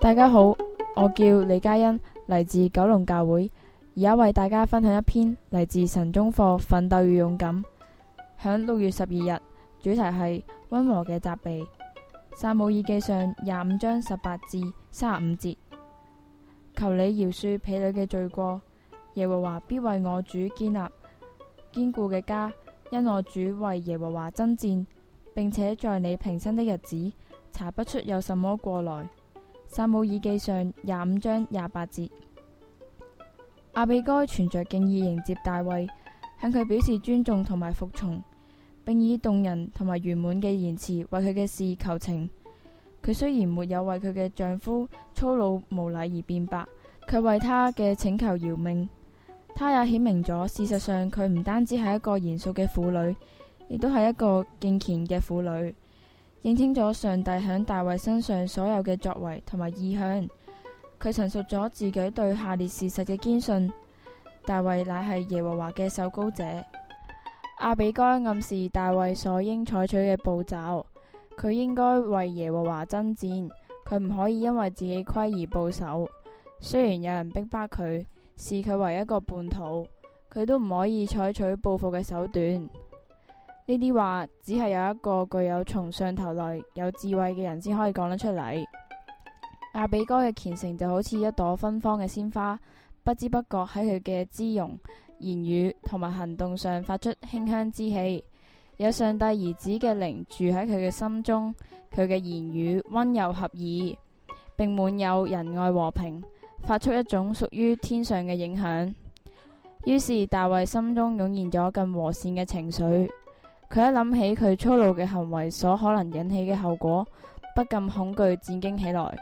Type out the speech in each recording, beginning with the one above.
大家好，我叫李嘉欣，嚟自九龍教會，而家為大家分享一篇嚟自神中課《奮鬥與勇敢》。響六月十二日，主題係溫和嘅責備。撒母耳記上廿五章十八至三十五節，求你饒恕婢女嘅罪過。耶和華必為我主建立堅固嘅家，因我主為耶和華爭戰，並且在你平生的日子查不出有什麼過來。撒母耳記上廿五章廿八節。阿比該存着敬意迎接大衛，向佢表示尊重同埋服從，並以動人同埋圓滿嘅言辭為佢嘅事求情。佢雖然沒有為佢嘅丈夫粗魯無禮而辯白，卻為他嘅請求饒命。他也顯明咗，事實上佢唔單止係一個嚴肅嘅婦女，亦都係一個敬虔嘅婦女，認清咗上帝喺大衛身上所有嘅作為同埋意向。佢陳述咗自己對下列事實嘅堅信：大衛乃係耶和華嘅受膏者。阿比該暗示大衛所應採取嘅步驟，佢應該為耶和華爭戰，佢唔可以因為自己虧而報仇。雖然有人逼迫佢。視佢為一個叛徒，佢都唔可以採取報復嘅手段。呢啲話只係有一個具有從上頭來、有智慧嘅人先可以講得出嚟。亞 比哥嘅虔誠就好似一朵芬芳嘅鮮花，不知不覺喺佢嘅姿容、言語同埋行動上發出馨香之氣。有上帝兒子嘅靈住喺佢嘅心中，佢嘅言語温柔合意，並滿有仁愛和平。發出一種屬於天上嘅影響，於是大衛心中湧現咗更和善嘅情緒。佢一諗起佢粗魯嘅行為所可能引起嘅後果，不禁恐懼戰驚起來。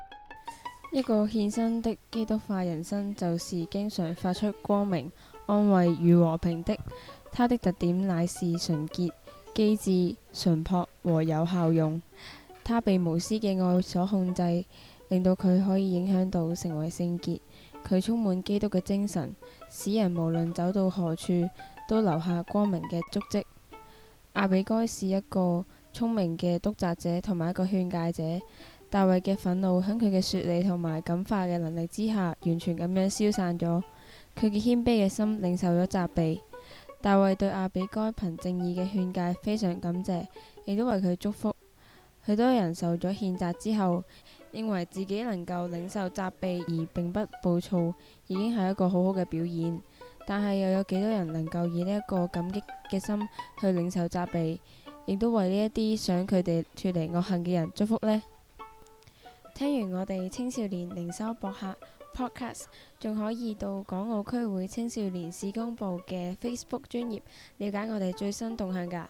一個獻身的基督化人生，就是經常發出光明、安慰與和平的。他的特點乃是純潔、機智、純朴和有效用。他被無私嘅愛所控制。令到佢可以影響到成為聖潔，佢充滿基督嘅精神，使人無論走到何處都留下光明嘅足跡。亞比該是一個聰明嘅督責者同埋一個勸誡者。大衛嘅憤怒喺佢嘅說理同埋感化嘅能力之下，完全咁樣消散咗。佢嘅謙卑嘅心領受咗責備。大衛對亞比該憑正義嘅勸誡非常感謝，亦都為佢祝福。很多人受咗譴責之後，認為自己能夠領受責備而並不暴躁，已經係一個好好嘅表演。但係又有幾多人能夠以呢一個感激嘅心去領受責備，亦都為呢一啲想佢哋脫離惡行嘅人祝福呢？聽完我哋青少年靈修博客 Podcast，仲可以到港澳區會青少年事工部嘅 Facebook 專頁，了解我哋最新動向㗎。